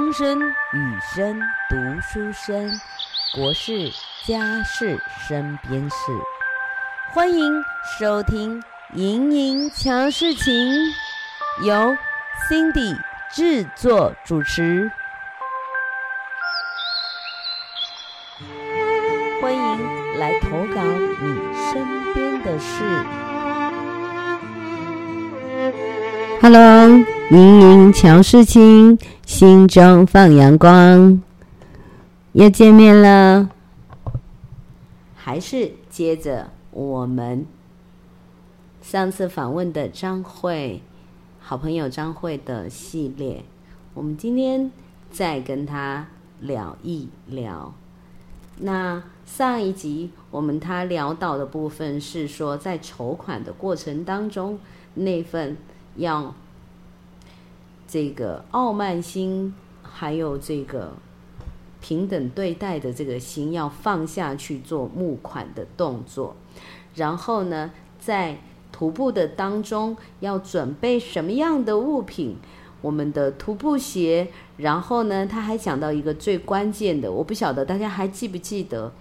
風聲雨聲讀書聲，國事家事身邊事。歡迎收聽《瑩瑩瞧事情》，由 Cindy 製作主持。歡迎來投稿你身邊的事。Hello。瑩瑩瞧事情，心中放陽光，又見面了，還是接着我們上次訪問的張慧，好朋友張慧的系列，我們今天再跟她聊一聊。那上一集我們他聊到的部分是說，在籌款的過程當中，那份要。這個傲慢心，還有這個平等對待的這個心，要放下去做募款的動作。然後呢，在徒步的當中要準備什麼樣的物品？我們的徒步鞋。然後呢，他還講到一個最關鍵的，我不曉得大家還記不記得，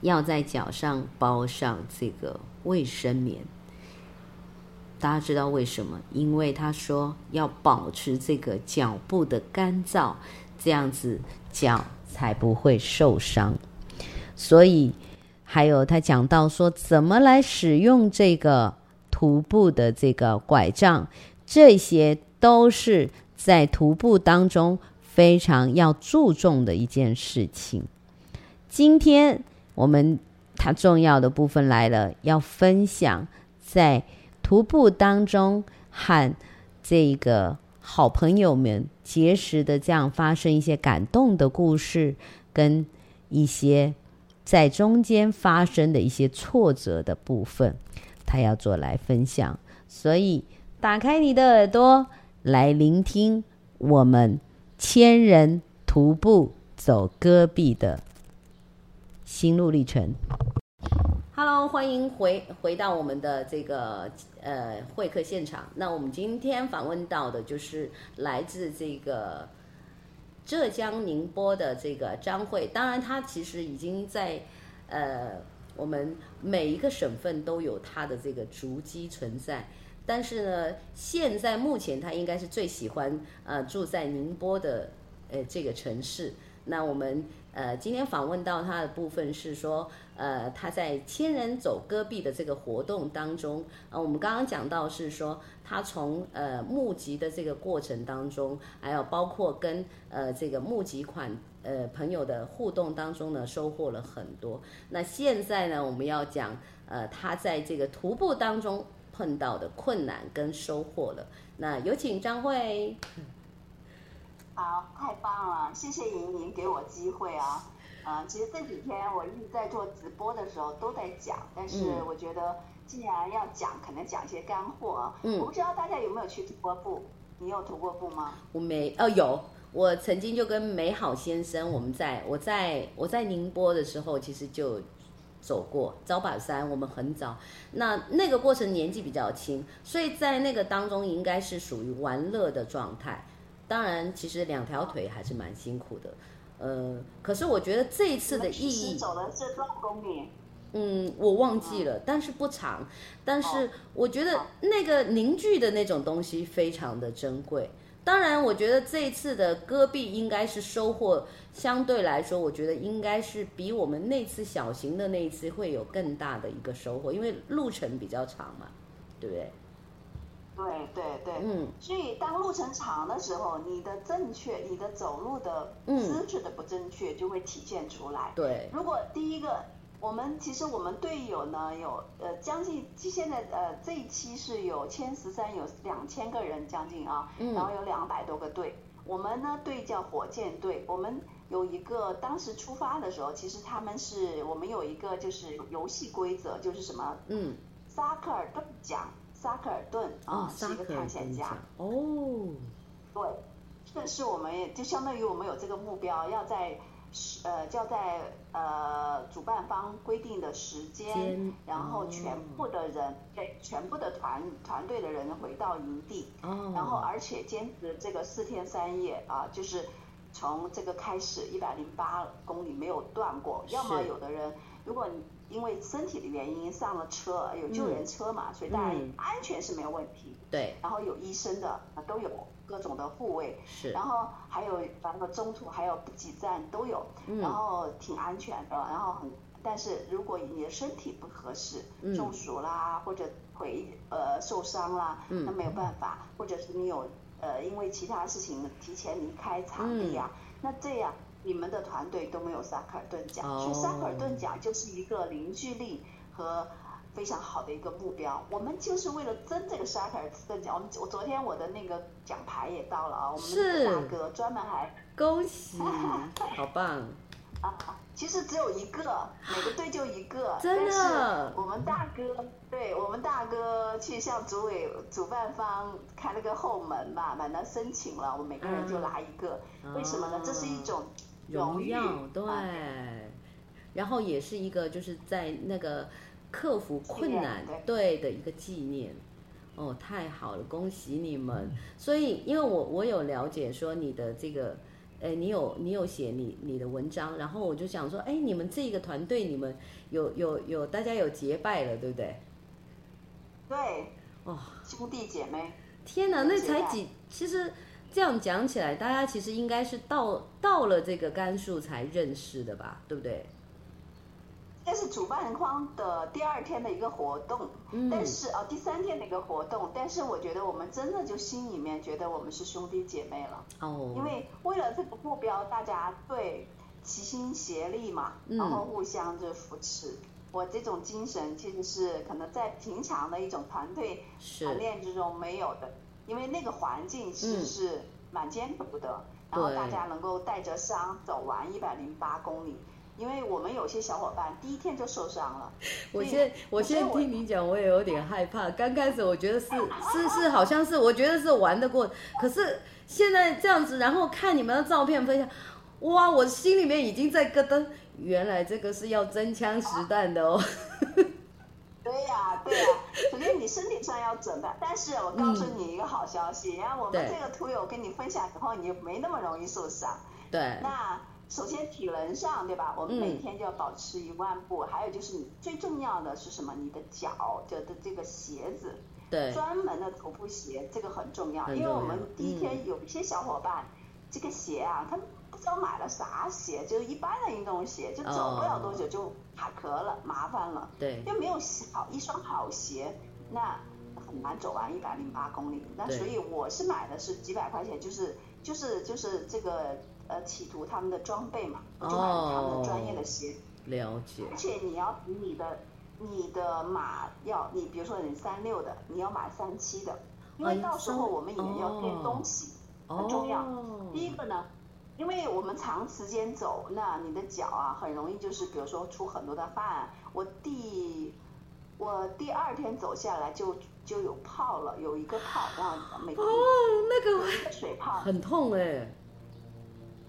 要在腳上包上這個衛生棉。大家知道為什麼？因為他說要保持這個腳部的乾燥，這樣子腳才不會受傷。所以還有他講到說，怎麼來使用這個徒步的這個拐杖，這些都是在徒步當中非常要注重的一件事情。今天我們它重要的部分來了，要分享在。徒步當中和這個好朋友們結識的這樣發生，一些感動的故事，跟一些在中間發生的一些挫折的部分，他要做來分享。所以，打開你的耳朵，來聆聽我們千人徒步走戈壁的心路歷程。Hello，歡迎回回到我們的這個呃會客現場。那我們今天訪問到的就是來自這個浙江寧波的這個張慧。當然，她其實已經在呃我們每一個省份都有她的這個足跡存在。但是呢，現在目前她應該是最喜歡呃住在寧波的呃這個城市。那我們呃今天訪問到她的部分是說。呃，他在千人走戈壁的這個活動當中，呃，我們剛剛講到是說，他從呃募集的這個過程當中，還有包括跟呃這個募集款呃朋友的互動當中呢，收穫了很多。那現在呢，我們要講呃他在這個徒步當中碰到的困難跟收穫了。那有請張慧。好，太棒了，謝謝瑩瑩給我機會啊。啊、嗯，其實這幾天我一直在做直播的時候都在講，但是我覺得既然要講，可能講一些乾貨。嗯，我不知道大家有沒有去徒過步，你有徒過步嗎？我沒，呃、哦，有。我曾經就跟美好先生，我們在，我在我在寧波的時候，其實就走過招寶山，我們很早，那那個過程年紀比較輕，所以在那個當中應該是屬於玩樂的狀態。當然，其實兩條腿還是蠻辛苦的。呃、嗯，可是我覺得這一次的意義，走了是多少公里？嗯，我忘記了，但是不長，但是我覺得那個凝聚的那種東西非常的珍貴。當然，我覺得這一次的戈壁應該是收穫相對來說，我覺得應該是比我們那次小型的那一次會有更大的一個收穫，因為路程比較長嘛，對不對？對對對，對對嗯，所以當路程長的時候，你的正確，你的走路的、嗯、姿勢的不正確就會體現出來。嗯、對，如果第一個，我們其實我們隊友呢有呃將近現在呃這一期是有千十三有兩千個人將近啊，嗯，然後有兩百多個隊，我們呢隊叫火箭隊，我們有一個當時出發的時候，其實他們是我們有一個就是遊戲規則就是什麼，嗯，沙克爾頓獎。薩克爾頓啊，哦、是一個探險家哦。哦對，但是我們就相當於我們有這個目標，要在呃，要在呃主辦方規定的時間，哦、然後全部的人對，全部的團團隊的人回到營地，哦、然後而且堅持這個四天三夜啊，就是從這個開始一百零八公里沒有斷過，是要麼有的人如果你。因為身體的原因，上了車，有救援車嘛，嗯、所以當然安全是沒有問題。嗯、對，然後有醫生的，都有各種的護衛。是，然後還有，反正中途還有補給站都有，嗯、然後挺安全的。然後很，但是如果你的身體不合適，中暑啦，嗯、或者腿呃受傷啦，嗯、那沒有辦法，或者是你有呃因為其他事情提前離開場地啊，嗯、那這樣。你們的團隊都沒有薩克爾頓獎，所以、oh. 薩克爾頓獎就是一個凝聚力和非常好的一個目標。我們就是為了爭這個薩克爾頓獎，我們我昨天我的那個獎牌也到了啊，我們那個大哥專門還恭喜，啊、好棒啊！其實只有一個，每個隊就一個，真的但是我們大哥對我們大哥去向組委主辦方開了個後門吧，滿當申請了，我們每個人就拿一個。Uh. 為什麼呢？這是一種。榮耀，對，然後也是一個就是在那個克服困難對的一個紀念，哦，太好了，恭喜你們！所以因為我我有了解說你的這個，哎，你有你有寫你你的文章，然後我就想說，哎，你們這一個團隊你們有有有大家有結拜了，對不對？對。哦，兄弟姐妹，天哪，那才幾其實。這樣講起來，大家其實應該是到到了這個甘肅才認識的吧，對不對？但是主辦方的第二天的一個活動，嗯、但是哦、呃，第三天的一個活動，但是我覺得我們真的就心裡面覺得我們是兄弟姐妹了。哦。因為為了這個目標，大家對齊心協力嘛，然後互相就扶持。嗯、我這種精神其實是可能在平常的一種團隊是團練之中沒有的。因為那個環境其實是、嗯、蠻艱苦的，然後大家能夠帶着傷走完一百零八公里。因為我們有些小夥伴第一天就受傷了。我先我先聽你講，我也有點害怕。啊、剛開始我覺得是、啊、是是、是，好像是我覺得是玩得過，可是現在這樣子，然後看你們的照片分享，哇，我心裡面已經在咯噔，原來這個是要真槍實彈的哦。啊、 對呀、啊，對呀、啊。首先你身體上要準備，但是我告訴你一個好消息，然後、嗯、我們這個徒友跟你分享以後，你沒那麼容易受傷。對，那首先體能上，對吧？我們每天就要保持一萬步，嗯、還有就是你最重要的是什麼？你的腳就的這個鞋子，對，專門的徒步鞋，這個很重要，很重要，因為我們第一天有一些小夥伴，嗯、這個鞋啊，他知道買了啥鞋，就一般的運動鞋，就走不了多久就卡殼了，oh, 麻煩了。對，又沒有好一雙好鞋，那很難走完一百零八公里。那所以我是買的是幾百塊錢，對就是就是就是這個呃，企圖他們的裝備嘛，oh, 我就買了他們的專業的鞋。了解。而且你要你的你的碼要你，比如說你三六的，你要買三七的，因為到時候我們也要墊東西，很重要。Oh, oh, oh, 第一個呢。因為我們長時間走，那你的腳啊，很容易就是，比如說出很多的汗。我第我第二天走下來就就有泡了，有一個泡，然後每天、哦那個、有一個水泡，很痛哎、欸。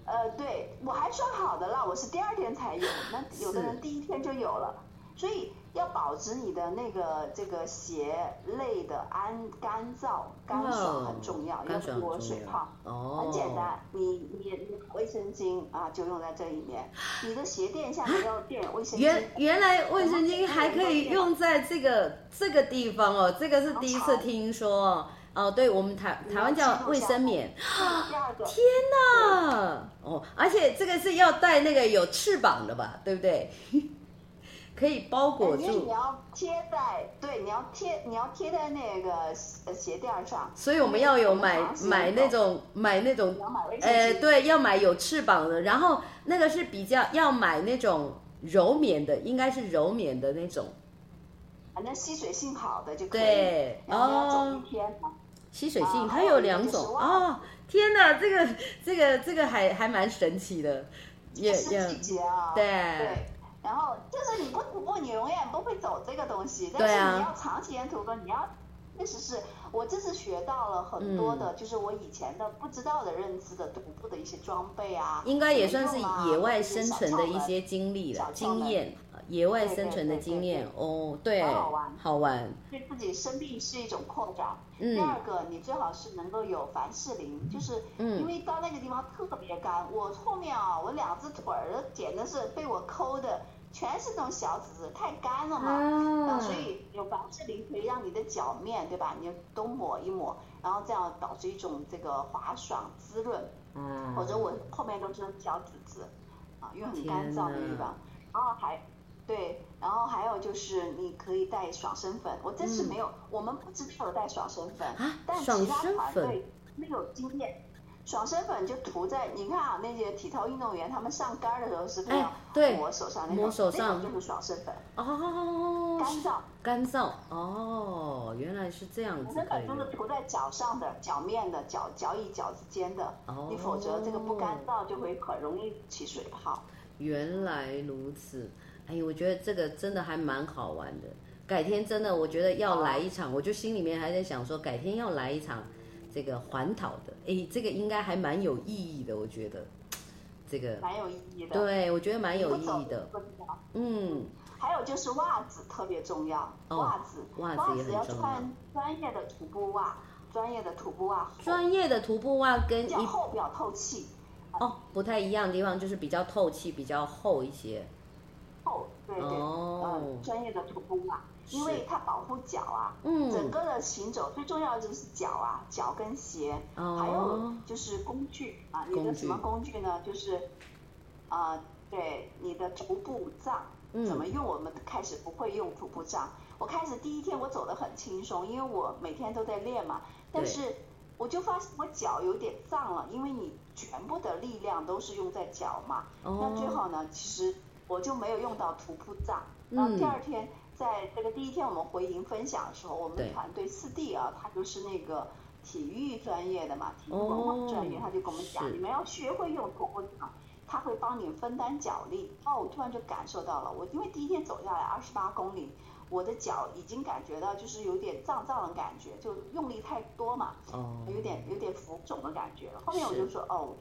呃，對，我還算好的了，我是第二天才有，那有的人是第一天就有了，所以。要保持你的那個這個鞋類的安乾燥、乾爽很重要，重要脫水泡。哦、很簡單，你你的衛生巾啊，就用在這裡面。你的鞋墊下面、啊、要墊衛生巾。原原來衛生巾還可以用在這個、嗯、這個地方哦，這個是第一次聽說。哦、啊啊，對，我們台台灣叫衛生棉。第二個天哪！對哦，而且這個是要帶那個有翅膀的吧？對不對？可以包裹住，因為你要貼在，對，你要貼，你要貼在那個鞋鞋墊上。所以我們要有買買那種買那種，呃，對，要買有翅膀的，然後那個是比較要買那種柔棉的，應該是柔棉的那種，反正吸水性好的就可以。對，哦。吸水性它有兩種哦，天吶，這個這個這個還還蠻神奇的，也也。季節啊，對。然後就是你不徒步，你永遠不會走這個東西。但是你要長時間徒步，你要確實是我這次學到了很多的，嗯、就是我以前的不知道的認知的徒步的一些裝備啊，應該也算是野外生存的一些經歷了、嗯、經驗。野外生存的經驗對對對對對哦，對，好，好玩。好玩。對自己生病是一種擴展。嗯。第二個，你最好是能夠有凡士林，嗯、就是因為到那個地方特別乾。嗯、我後面啊、哦，我兩只腿兒簡直是被我摳的，全是那種小籽子，太乾了嘛。啊呃、所以有凡士林可以讓你的腳面，對吧？你就都抹一抹，然後這樣導致一種這個滑爽滋潤。嗯。或者我後面都是小籽子，啊、呃，因為很乾燥的地方，哪然後還。對，然後還有就是你可以帶爽身粉，我這次沒有，嗯、我們不知道帶爽身粉，啊、但其他團隊沒有經驗。爽身、爽身粉就塗在，你看啊，那些體操運動員他們上桿的時候是要、哎，對，我手上那種手上那種就是爽身粉。哦，乾燥乾燥哦，原來是這樣子。爽粉都是塗在腳上的，腳面的腳腳與腳之間的，哦、你否則這個不乾燥就會很容易起水泡。原來如此。哎，我覺得這個真的還蠻好玩的。改天真的，我覺得要來一場，哦、我就心裡面還在想說，改天要來一場這個環島的。哎，這個應該還蠻有意義的，我覺得這個蠻有意義的。對，我覺得蠻有意義的。嗯，還有就是襪子特別重要，哦、襪子，襪子要穿專業的徒步襪，專業的徒步襪，專業的徒步襪跟比較厚，比較透氣。哦，不太一樣的地方就是比較透氣，比較厚一些。對對，oh, 呃，專業的徒步嘛，因為它保護腳啊，嗯，整個的行走最重要的就是腳啊，腳跟鞋，oh, 還有就是工具啊，具你的什麼工具呢？就是，啊、呃，對，你的徒步杖，嗯、怎麼用？我們開始不會用徒步杖，我開始第一天我走得很輕鬆，因為我每天都在練嘛，但是我就發現對我腳有點脹了，因為你全部的力量都是用在腳嘛，oh, 那最後呢，其實。我就沒有用到徒步杖，嗯、然後第二天在這個第一天我們回營分享的時候，我們團隊四弟啊，他對就是那個體育專業的嘛，體育文化專業，他、oh, 就跟我們講，是你們要學會用徒步杖，他會幫你分擔腳力。哦，我突然就感受到了，我因為第一天走下來二十八公里，我的腳已經感覺到就是有點脹脹的感覺，就用力太多嘛，oh, 有點有點浮腫的感覺了。後面我就說是哦，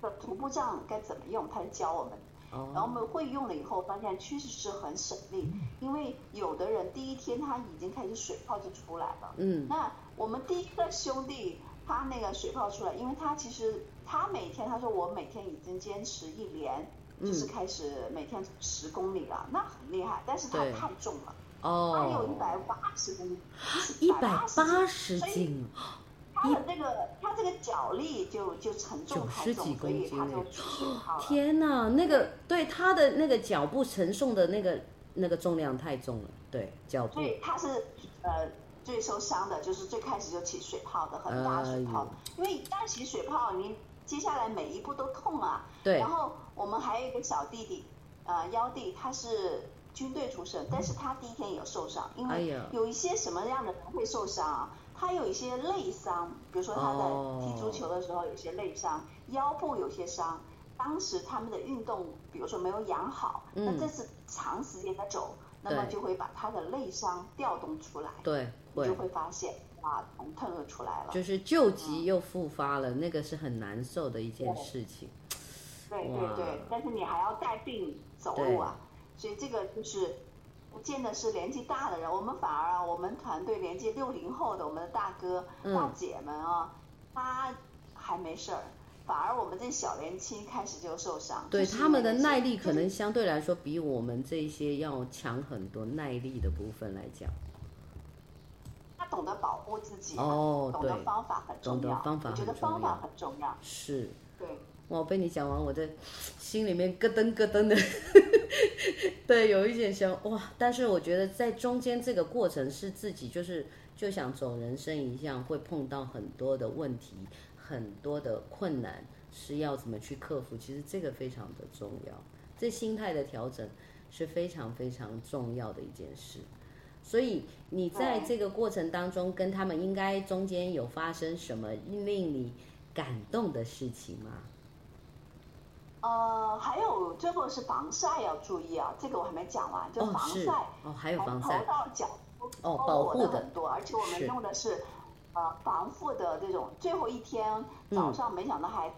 這個徒步杖該怎麼用？他就教我們。然後我們會用了以後，發現確實是很省力，因為有的人第一天他已經開始水泡就出來了。嗯，那我們第一個兄弟他那個水泡出來，因為他其實他每天他說我每天已經堅持一年，就是開始每天十公里了，嗯，那很厲害，但是他太重了，哦，他還有一百八十公，一百八十斤。他的那個，他這個腳力就就沉重太重，九十幾公斤，所以他就出水泡。天吶，那個對他的那個腳步承受的那個那個重量太重了，對腳，所以他是呃最受傷的，就是最開始就起水泡的，很大的水泡。呃、因為一旦起水泡，你接下來每一步都痛啊。對。然後我們還有一個小弟弟，呃，幺弟，他是。軍隊出身，但是他第一天也有受傷，因為有一些什麼樣的人會受傷啊？他有一些內傷，比如說他在踢足球的時候有些內傷，腰部有些傷。當時他們的運動，比如說沒有養好，那這次長時間的走，那麼就會把他的內傷調動出來。對，你就會發現啊，疼痛又出來了，就是舊疾又復發了，那個是很難受的一件事情。對對對，但是你還要帶病走路啊。所以這個就是，不見得是年紀大的人，我們反而啊，我們團隊年紀六零後的我們的大哥、大姐們啊，他、嗯、還沒事兒，反而我們這小年輕開始就受傷。對，他們的耐力可能相對來說比我們這些要強很多，耐力的部分來講。他懂得保護自己、啊，哦、懂得方法很重要，我覺得方法很重要。是。對。哇，我被你講完，我的心裡面咯噔咯噔，噔的呵呵，對，有一點想哇。但是我覺得在中間這個過程是自己就是，就像走人生一樣，會碰到很多的問題，很多的困難，是要怎麼去克服。其實這個非常的重要，這心態的調整是非常非常重要的一件事。所以你在這個過程當中跟他們應該中間有發生什麼令你感動的事情嗎？呃，還有最後是防曬要、啊、注意啊，這個我還沒講完，哦、就防曬哦，還有防曬頭到腳哦，保護，保護的很多，而且我們用的是，是呃防護的這種。最後一天早上，沒想到還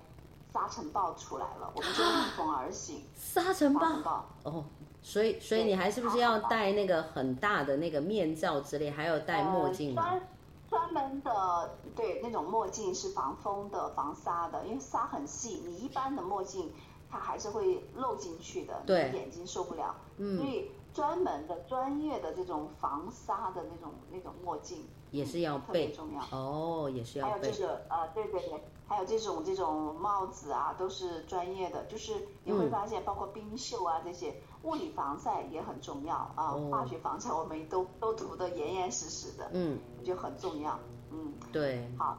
沙塵暴出來了，嗯、我們就逆風而行。啊、沙塵暴哦，所以所以你還是不是要戴那個很大的那個面罩之類，還有戴墨鏡、呃、專專門的對那種墨鏡是防風的、防沙的，因為沙很細，你一般的墨鏡。它還是會漏進去的，對眼睛受不了。嗯，所以專門的、專業的這種防沙的那種、那種墨鏡也是要、嗯、特別重要。哦，也是要。還有這個呃，對對對，還有這種這種帽子啊，都是專業的。就是你會發現，包括冰袖啊、嗯、這些物理防曬也很重要啊。哦、化學防曬我們都都塗得嚴嚴實實的。嗯。就很重要。嗯。對。好。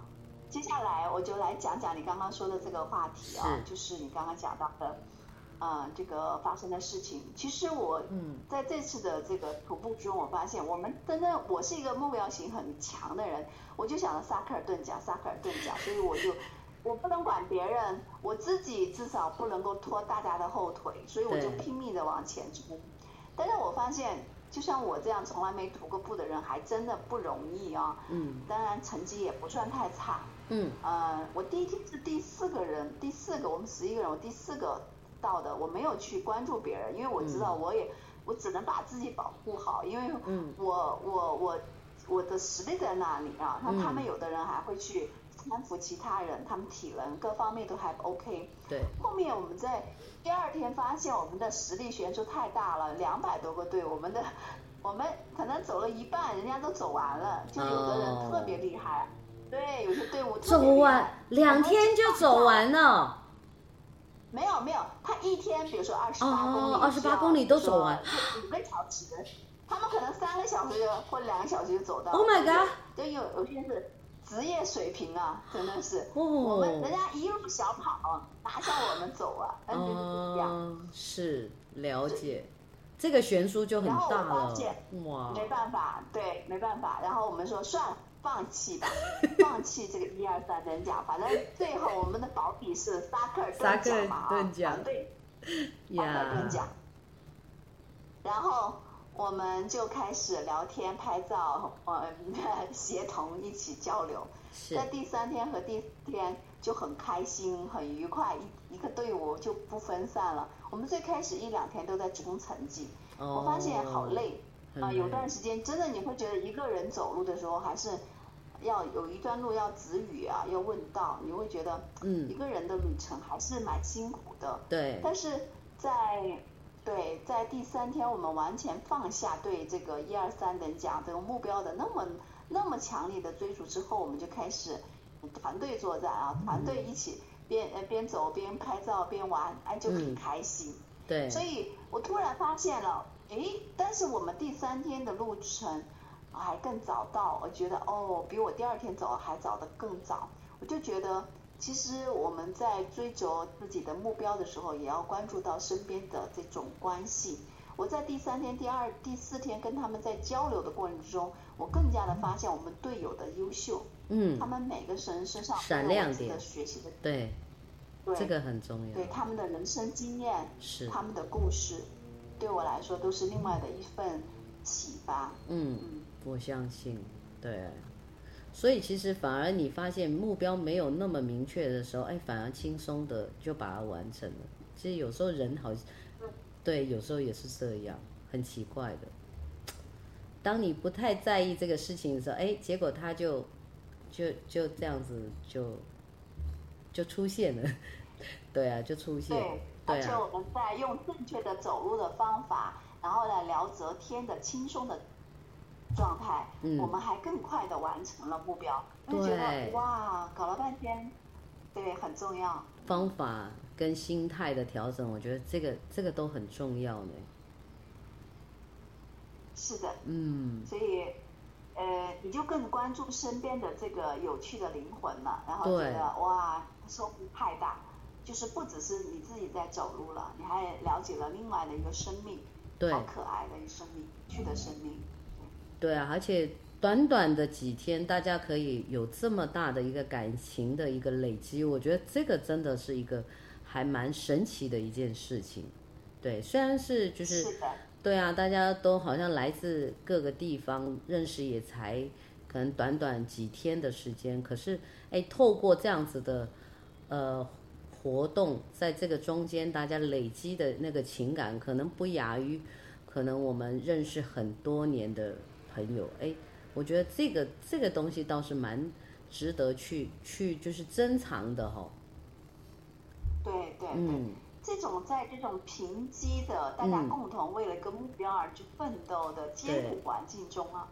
接下來我就來講講你剛剛說的這個話題啊、哦，是就是你剛剛講到的，呃、嗯、這個發生的事情。其實我嗯在這次的這個徒步中，我發現我們真的，我是一個目標型很強的人。我就想着沙克爾頓獎沙克爾頓獎所以我就我不能管別人，我自己至少不能夠拖大家的後腿，所以我就拼命的往前衝。對但是我發現，就像我這樣從來沒徒過步的人，還真的不容易啊、哦。嗯，當然成績也不算太差。嗯啊，uh, 我第一天是第四個人，第四個，我們十一個人，我第四個到的。我沒有去關注別人，因為我知道，我也、嗯、我只能把自己保護好，因為我、嗯、我我我的實力在那裡啊。那、嗯、他們有的人還會去攙扶其他人，他們體能各方面都還 OK。對。後面我們在第二天發現，我們的實力懸殊太大了，兩百多個隊，我們的我們可能走了一半，人家都走完了，就有的人特別厲害。哦對，有些隊伍走完兩天就走完了。沒有沒有，他一天，比如說二十八公里。二十八公里都走完。五個小時，他們可能三個小時或兩個小時就走到。Oh my god！就有有些人是職業水平啊，真的是。哦，我們人家一路小跑，哪像我們走啊？嗯，完全不一樣。是了解，這個懸殊就很大了。哇。沒辦法，對，沒辦法。然後我們說算了。放棄吧，放棄這個一、二、三等獎，反正最後我們的保底是薩克爾頓獎嘛啊，啊，對，沙克爾頓獎呀。然後我們就開始聊天、拍照，呃、嗯，協同一起交流，是在第三天和第四天就很開心、很愉快，一一個隊伍就不分散了。我們最開始一兩天都在衝成績，oh, 我發現好累，累啊！有段時間真的你會覺得一個人走路的時候還是。要有一段路要止語啊，要問道，你會覺得，嗯，一個人的旅程還是蠻辛苦的。嗯、對。但是在，對，在第三天我們完全放下對這個一二三等獎這個目標的那麼那麼強烈的追逐之後，我們就開始團隊作戰啊，嗯、團隊一起邊邊走邊拍照邊玩，哎，就很開心。嗯、對。所以我突然發現了，哎，但是我們第三天的路程。還更早到，我覺得哦，比我第二天走還早的更早。我就覺得，其實我們在追求自己的目標的時候，也要關注到身邊的這種關係。我在第三天、第二、第四天跟他們在交流的過程之中，我更加的發現我們隊友的優秀。嗯，他們每個人身上閃亮點有自己的學習的對，對這個很重要。對他們的人生經驗、是他們的故事，對我來說都是另外的一份啟發。嗯。嗯我相信，對啊，所以其實反而你發現目標沒有那麼明確的時候，哎，反而輕鬆的就把它完成了。其實有時候人好像，對，有時候也是這樣，很奇怪的。當你不太在意這個事情的時候，哎，結果它就，就就這樣子就，就出現了。對啊，就出現，對啊，對。而且我們在用正確的走路的方法，然後來聊著天的輕鬆的。狀態，嗯、我們還更快地完成了目標。對，但是覺得哇，搞了半天，對，很重要。方法跟心態的調整，嗯、我覺得這個這個都很重要呢。是的，嗯，所以，呃，你就更關注身邊的這個有趣的靈魂了，然後覺得對哇，收穫太大，就是不只是你自己在走路了，你還了解了另外的一個生命，對好可愛的一個生命，有趣對的生命。嗯對啊，而且短短的幾天，大家可以有這麼大的一個感情的一個累積，我覺得這個真的是一個還蠻神奇的一件事情。對，雖然是就是，是的。對啊，大家都好像來自各個地方，認識也才可能短短幾天的時間，可是哎，透過這樣子的呃活動，在這個中間，大家累積的那個情感，可能不亞於可能我們認識很多年的。朋友，哎，我覺得這個這個東西倒是蠻值得去去就是珍藏的哈。對對對，嗯，這種在這種貧瘠的，大家共同為了一個目標而去奮鬥的艱苦環境中啊，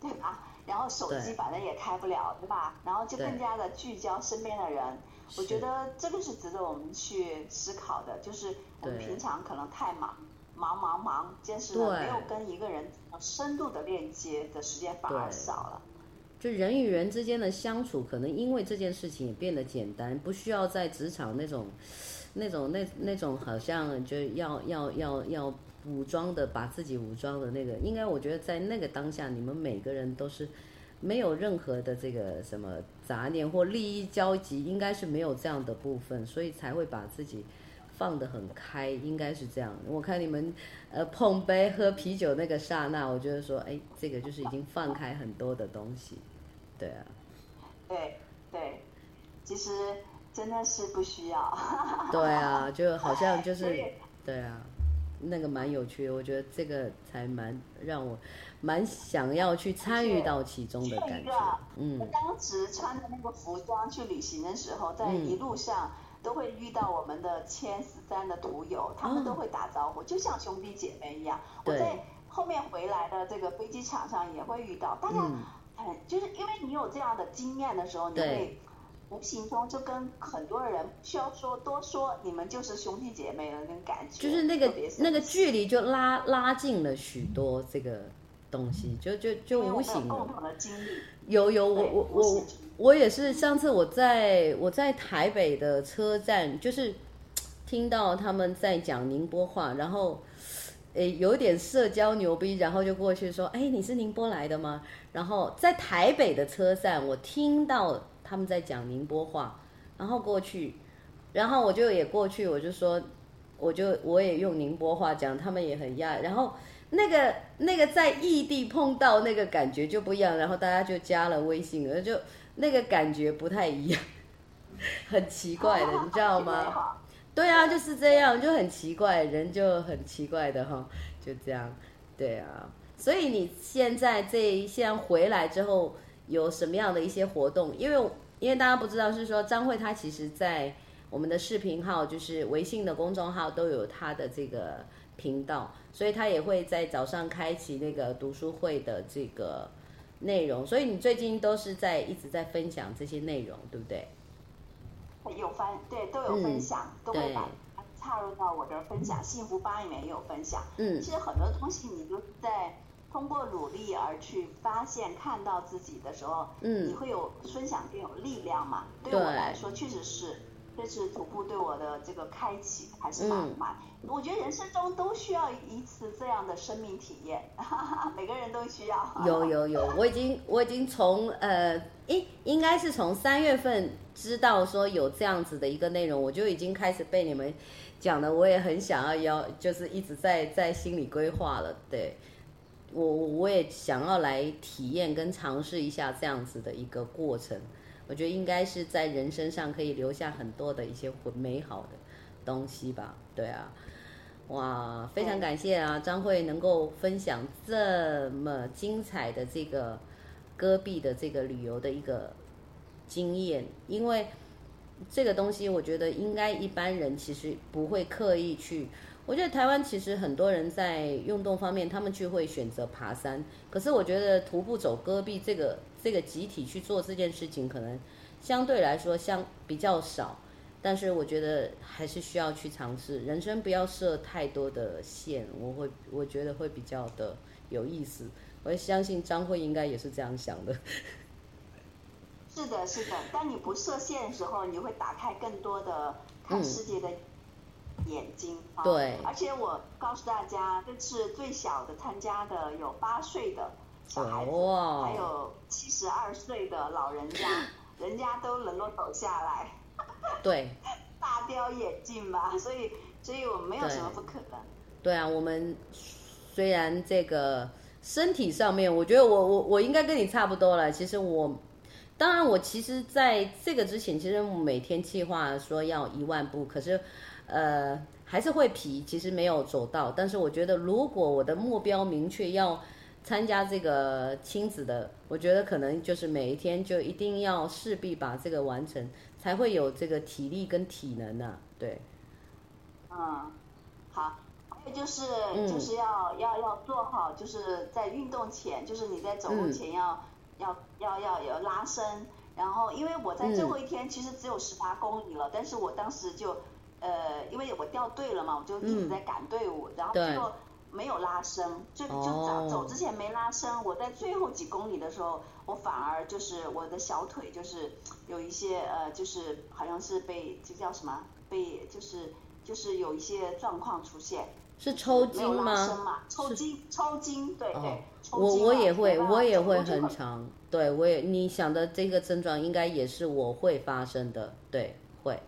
對，對吧？然後手機反正也開不了，對，對吧？然後就更加的聚焦身邊的人，對我覺得這個是值得我們去思考的，是就是我們平常可能太忙。忙忙忙，堅持了，沒有跟一個人深度的鏈接的時間反而少了。就人與人之間的相處，可能因為這件事情也變得簡單，不需要在職場那種、那種、那、那種，好像就要要要要武裝的把自己武裝的那個。應該我覺得在那個當下，你們每個人都是沒有任何的這個什麼雜念或利益交集，應該是沒有這樣的部分，所以才會把自己。放得很開，應該是這樣。我看你們，呃，碰杯喝啤酒那個剎那，我覺得說，哎，這個就是已經放開很多的東西。對啊，對對，其實真的是不需要。 對啊，就好像就是，對，對啊，那個蠻有趣的，我覺得這個才蠻讓我蠻想要去參與到其中的感覺。嗯，就是，當時穿的那個服裝去旅行的時候，在一路上。嗯都會遇到我們的千十三的徒友，他們都會打招呼，哦、就像兄弟姐妹一樣。對我在後面回來的這個飛機場上也會遇到，大家很就是因為你有這樣的經驗的時候，對你會無形中就跟很多人不需要說多說，你們就是兄弟姐妹的那種感覺，就是那個那個距離就拉拉近了許多。這個東西就就就無形我共同的經歷，有有我我對我。我我我我也是，上次我在我在台北的車站，就是聽到他們在講寧波話，然後誒、哎、有點社交牛逼，然後就過去說：“哎，你是寧波來的嗎？”然後在台北的車站，我聽到他們在講寧波話，然後過去，然後我就也過去，我就說，我就我也用寧波話講，他們也很訝異，然後那個那個在異地碰到那個感覺就不一樣，然後大家就加了微信，而就。那個感覺不太一樣，很奇怪的，你知道嗎？對啊，就是這樣，就很奇怪，人就很奇怪的哈，就這樣，對啊。所以你現在這現在回來之後有什麼樣的一些活動？因為因為大家不知道，是說張慧她其實在我們的視頻號，就是微信的公眾號都有她的這個頻道，所以她也會在早上開啟那個讀書會的這個。內容，所以你最近都是在一直在分享這些內容，對不對？有分對，都有分享，嗯、都會把對插入到我的分享。幸福吧裡面也有分享。嗯，其實很多東西你都在通過努力而去發現、看到自己的時候，嗯，你會有分享更有力量嘛？對我來說，對確實是。這是徒步對我的這個開啟，還是蠻蠻。嗯、我覺得人生中都需要一次這樣的生命體驗，哈哈，每個人都需要。有有有， 我已經我已經從呃，應應該是從三月份知道說有這樣子的一個內容，我就已經開始被你們講的，我也很想要要，就是一直在在心裡規劃了。對，我我也想要來體驗跟嘗試一下這樣子的一個過程。我覺得應該是在人身上可以留下很多的一些美好的東西吧。對啊，哇，非常感謝啊，張慧能夠分享這麼精彩的這個戈壁的這個旅遊的一個經驗。因為這個東西我覺得應該一般人其實不會刻意去。我覺得台灣其實很多人在運動方面，他們就會選擇爬山，可是我覺得徒步走戈壁這個。這個集體去做這件事情，可能相對來說相比較少，但是我覺得還是需要去嘗試。人生不要設太多的限，我會我覺得會比較的有意思。我也相信張慧應該也是這樣想的。是的，是的。當你不設限的時候，你會打開更多的看世界的眼睛。嗯、對、啊。而且我告訴大家，這次最小的參加的有八歲的。哇，還有七十二歲的老人家，人家都能夠走下來， 對，大跌眼鏡嘛，所以所以我沒有什麼不可能。對啊，我們雖然這個身體上面，我覺得我我我應該跟你差不多了。其實我，當然我其實在這個之前，其實我每天計劃說要一萬步，可是呃還是會疲，其實沒有走到。但是我覺得，如果我的目標明確要。參加這個親子的，我覺得可能就是每一天就一定要勢必把這個完成，才會有這個體力跟體能呢、啊。對，嗯，好，還有就是就是要、嗯、要要做好，就是在運動前，就是你在走路前要、嗯、要要要要拉伸，然後因為我在最後一天其實只有十八公里了，嗯、但是我當時就，呃，因為我掉隊了嘛，我就一直在趕隊伍，然後最後。嗯沒有拉伸，就就走走之前沒拉伸，oh. 我在最後幾公里的時候，我反而就是我的小腿就是有一些呃，就是好像是被就叫什麼，被就是就是有一些狀況出現，是抽筋嗎？沒有拉伸嘛，抽筋，抽筋，對是對，oh. 抽筋我我也會，吧我也會很長，對我也，你想的這個症狀應該也是我會發生的，對，會。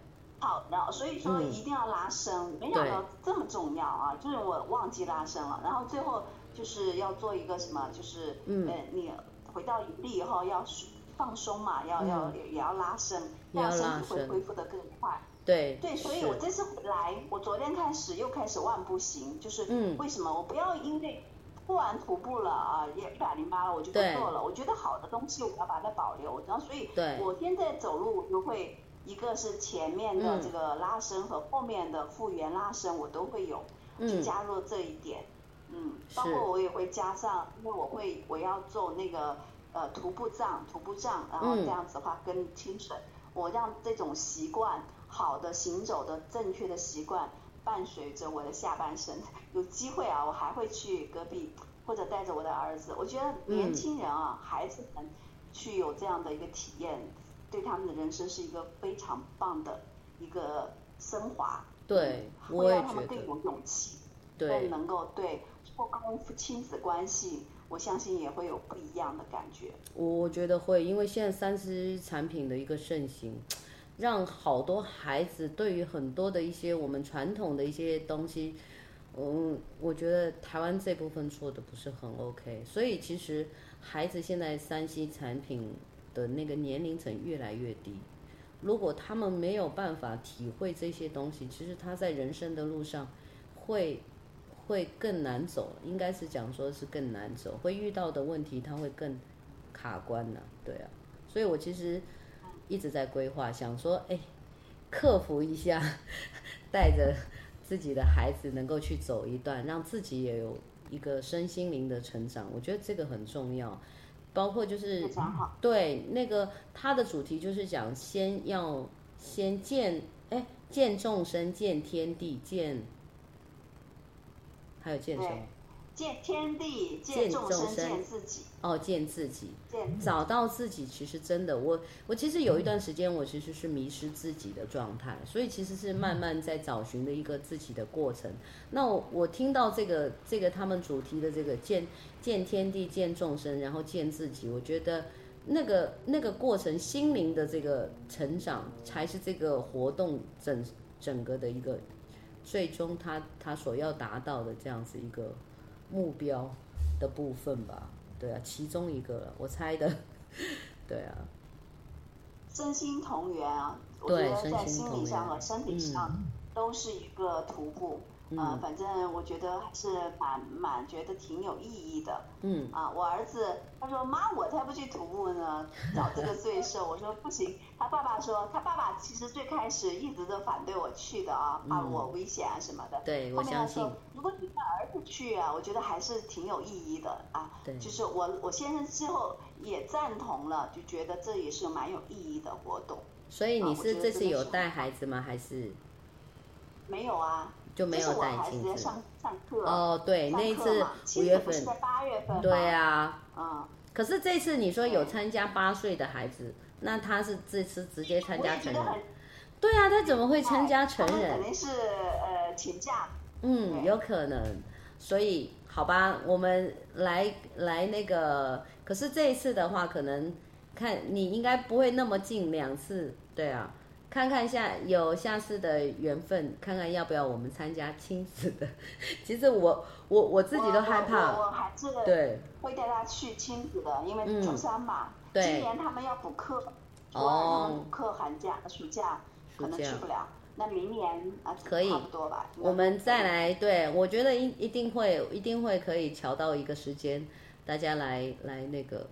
好，然後所以說一定要拉伸，嗯、沒想到對這麼重要啊！就是我忘記拉伸了，然後最後就是要做一個什麼，就是嗯、呃，你回到營地以後要放鬆嘛，要要、嗯、也要拉伸，這樣身體會恢復得更快。對對，對是所以我這次來，我昨天開始又開始萬步行，就是為什麼我不要因為步完徒步了啊，也一百零八了，我就不做了。對我覺得好的東西我要把它保留，然後所以我現在走路我就會。一個是前面的這個拉伸和後面的復原拉伸，我都會有就、嗯、加入這一點，嗯，是包括我也會加上，因為我會我要做那個呃徒步杖，徒步杖，然後這樣子的話更精準，清嗯、我讓這種習慣好的行走的正確的習慣伴隨着我的下半身。有機會啊，我還會去戈壁或者帶着我的兒子，我覺得年輕人啊，嗯、孩子們去有這樣的一個體驗。對他們的人生是一個非常棒的一個昇華，對，我也覺得會讓他們更有勇氣，對，能夠對不光親子關係，我相信也會有不一樣的感覺。我覺得會，因為現在三 C 產品的一個盛行，讓好多孩子對於很多的一些我們傳統的一些東西，嗯，我覺得台灣這部分做的不是很 OK，所以其實孩子現在三 C 產品。的那個年齡層越來越低，如果他們沒有辦法體會這些東西，其實他在人生的路上會會更難走，應該是講說是更難走，會遇到的問題他會更卡關了，對啊，所以我其實一直在規劃，想說誒，克服一下，帶着自己的孩子能夠去走一段，讓自己也有一個身心靈的成長，我覺得這個很重要。包括就是對，那個他的主題就是講，先要先見哎，見眾生、見天地、見，還有見什麼？見天地，見眾生，見，眾生，見自己。哦，見自己。見地。找到自己，其實真的，我我其實有一段時間，我其實是迷失自己的狀態，嗯、所以其實是慢慢在找尋的一個自己的過程。嗯、那我我聽到這個這個他們主題的這個見見天地，見眾生，然後見自己，我覺得那個那個過程，心靈的這個成長，才是這個活動整整個的一個最終他他所要達到的這樣子一個。目標的部分吧。對啊，其中一個了，我猜的。對啊，身心同源啊，對我覺得在心理上和身體上都是一個徒步。嗯呃，反正我覺得還是蠻蠻覺得挺有意義的。嗯，啊，我兒子他說，媽，我才不去徒步呢，找這個罪受。 我說不行。他爸爸說，他爸爸其實最開始一直都反對我去的啊，怕我危險啊什麼的。嗯、對，我相信。後面他說，如果你帶兒子去啊，我覺得還是挺有意義的啊。對。就是我我先生最後也贊同了，就覺得這也是蠻有意義的活動。所以你是這次有帶孩子嗎？還是？沒有啊。就沒有帶親子。哦，對，那一次五月份，月份對啊。嗯，可是這次你說有參加八歲的孩子，對那他是這次直接參加成人？對啊，他怎麼會參加成人？肯定是呃請假。嗯，對有可能。所以好吧，我們來來那個，可是這一次的話，可能看你應該不會那麼近兩次，對啊。看看下有下次的緣分，看看要不要我們參加親子的。其實我我我自己都害怕，對，我我還會帶他去親子的，因為初三嘛，嗯、對今年他們要補課，哦，補課寒假暑假可能去不了，那明年啊可以差不多吧。我們再來，對我覺得一一定會一定會可以調到一個時間，大家來來那個，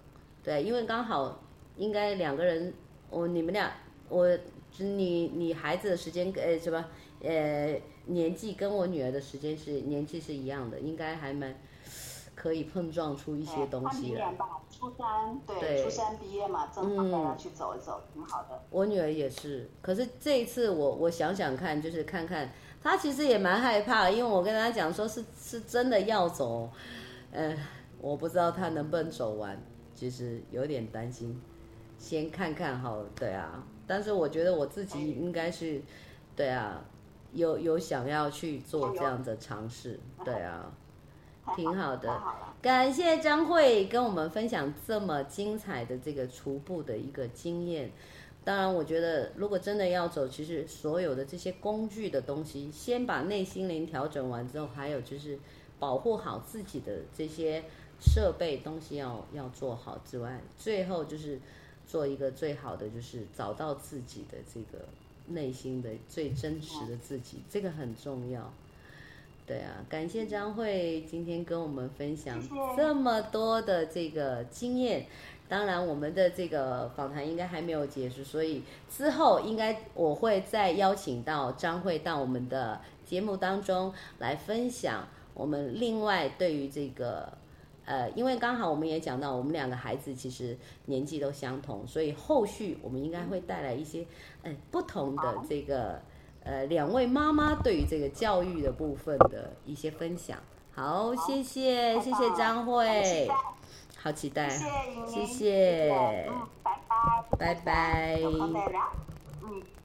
對，因為剛好應該兩個人，我、哦、你們倆我。你你孩子的時間呃什麼呃年紀跟我女兒的時間是年紀是一樣的，應該還蠻可以碰撞出一些東西的。吧，初三對，對初三畢業嘛，正好帶她去走一走，嗯、挺好的。我女兒也是，可是這一次我我想想看，就是看看她其實也蠻害怕，因為我跟她講說是是真的要走，嗯、呃，我不知道她能不能走完，其實有點擔心，先看看好了對啊。但是我覺得我自己應該是，對啊，有有想要去做這樣的嘗試，對啊，挺好的。感謝張慧跟我們分享這麼精彩的這個徒步的一個經驗。當然，我覺得如果真的要走，其實所有的這些工具的東西，先把內心靈調整完之後，還有就是保護好自己的這些設備東西要要做好之外，最後就是。做一個最好的，就是找到自己的這個內心的最真實的自己，這個很重要。對啊，感謝張慧今天跟我們分享這麼多的這個經驗。當然，我們的這個訪談應該還沒有結束，所以之後應該我會再邀請到張慧到我們的節目當中來分享我們另外對於這個。呃，因為剛好我們也講到，我們兩個孩子其實年紀都相同，所以後續我們應該會帶來一些不同的這個呃兩位媽媽對於這個教育的部分的一些分享。好，謝謝拜拜，謝謝張慧，期待，好期待，謝謝，謝謝，嗯，拜拜，拜拜。拜拜。拜拜。